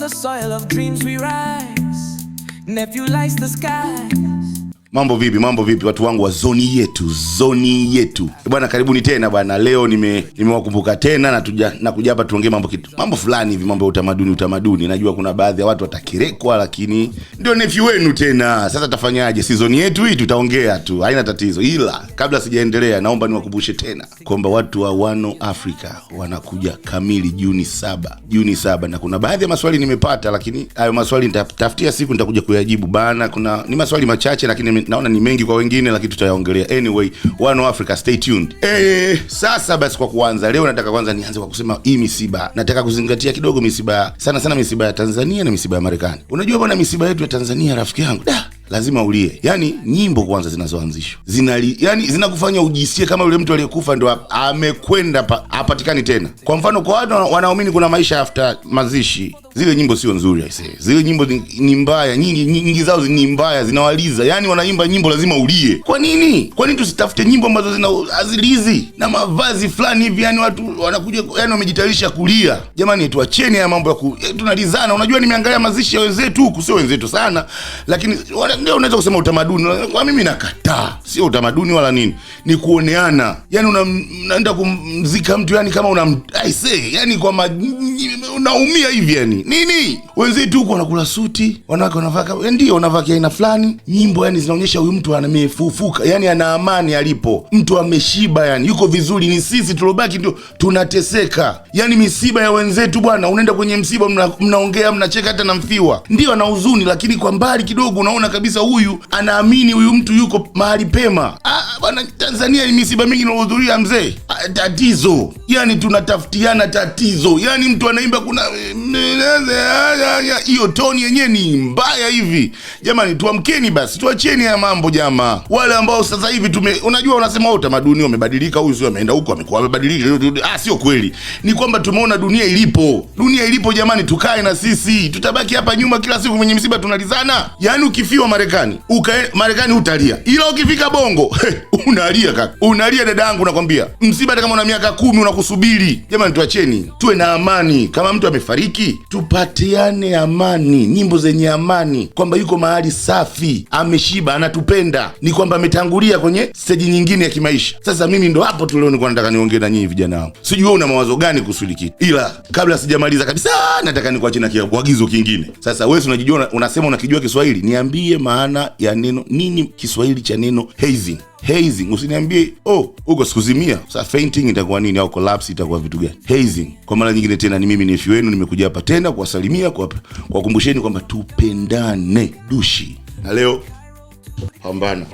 the soil of dreams we rise, lights the sky. Mambo vipi? Mambo vipi, watu wangu wa zoni yetu, zoni yetu eh, bwana, karibuni tena bwana. Leo nime nimewakumbuka tena natuja, na kuja hapa tuongee mambo kitu mambo fulani hivi, mambo ya utamaduni. Utamaduni najua kuna baadhi ya watu watakirekwa, lakini ndio nefi wenu tena. Sasa tafanyaje? zoni yetu hii tutaongea tu, haina tatizo. Ila kabla sijaendelea, naomba niwakumbushe tena kwamba watu wa Wano Africa wanakuja kamili Juni saba, Juni saba, na kuna baadhi ya maswali nimepata, lakini hayo maswali nitatafutia siku nitakuja kuyajibu bana. Kuna ni maswali machache lakini naona ni mengi kwa wengine, lakini tutayaongelea anyway. One Africa, stay tuned. Eh, sasa basi, kwa kuanza leo, nataka kwanza nianze kwa kusema hii misiba, nataka kuzingatia kidogo misiba, sana sana misiba ya Tanzania na misiba ya Marekani. Unajua bwana, misiba yetu ya Tanzania, rafiki yangu da lazima ulie. yani nyimbo kwanza zinazoanzishwa zina yani zinakufanya ujisikie kama yule mtu aliyekufa ndo amekwenda hapatikani tena. Kwa mfano, kwa watu wanaamini kuna maisha after mazishi zile nyimbo sio nzuri aise, Zile nyimbo ni mbaya, nyingi nyingi zao ni mbaya, zinawaliza. yani, wanaimba nyimbo lazima ulie. Kwa nini? Kwa nini tusitafute nyimbo ambazo zina azilizi na mavazi fulani hivi, yani watu wanakuja, yani wamejitayarisha kulia. Jamani, tuacheni haya mambo ya ku, eh, tunalizana. Unajua nimeangalia mazishi ya wenzetu huku, sio wenzetu sana, lakini ndio unaweza kusema utamaduni. Kwa mimi nakataa, sio utamaduni wala nini, ni kuoneana. Yani unaenda kumzika mtu yani kama una aise, yani kwa ma, unaumia hivi yani nini? Wenzetu huko wanakula suti, wanawake wanavaa eh, ndio wanavaa kiaina fulani. Nyimbo yani zinaonyesha huyu mtu amefufuka, yani ana amani alipo, mtu ameshiba, yani yuko vizuri. Ni sisi tulobaki ndio tunateseka, yani misiba ya wenzetu bwana. Unaenda kwenye msiba, mnaongea mna, mnacheka, hata na mfiwa ndio ana huzuni, lakini kwa mbali kidogo unaona kabisa huyu anaamini, huyu mtu yuko mahali pema. Ah bwana, Tanzania ni misiba mingi inahudhuria mzee, ah, tatizo yani tunatafutiana tatizo, yani mtu anaimba kuna eh, hiyo toni yenyewe ni mbaya hivi. Jamani, tuamkeni basi, tuacheni haya mambo jamaa. Wale ambao sasa hivi tume, unajua unasema utamaduni umebadilika, huyu sio ameenda huko amekuwa amebadilika. Ah, sio kweli, ni kwamba tumeona dunia ilipo. Dunia ilipo jamani, tukae na sisi, tutabaki hapa nyuma. Kila siku kwenye msiba tunalizana. Yani ukifiwa Marekani ukae Marekani utalia, ila ukifika Bongo unalia kaka, unalia dada yangu, nakwambia msiba, hata kama una miaka kumi unakusubiri. Jamani, tuacheni tuwe na amani. Kama mtu amefariki hiki, tupatiane amani, nyimbo zenye amani, kwamba yuko mahali safi, ameshiba, anatupenda, ni kwamba ametangulia kwenye steji nyingine ya kimaisha. Sasa mimi ndo hapo tu leo nilikuwa nataka niongee na nyinyi vijana wangu, sijui wewe una mawazo gani kuhusu kitu, ila kabla sijamaliza kabisa, nataka nikuache na kiagizo kingine. Sasa wewe unajijua, unasema unakijua Kiswahili, niambie maana ya neno nini, Kiswahili cha neno hazing hazing. Usiniambie oh, uko sikuzimia. sa fainting itakuwa nini au collapse itakuwa vitu gani? Hazing. Kwa mara nyingine tena, ni mimi ni wenu, nimekuja hapa tena kuwasalimia, kuwakumbusheni kwamba tupendane dushi, na leo pambana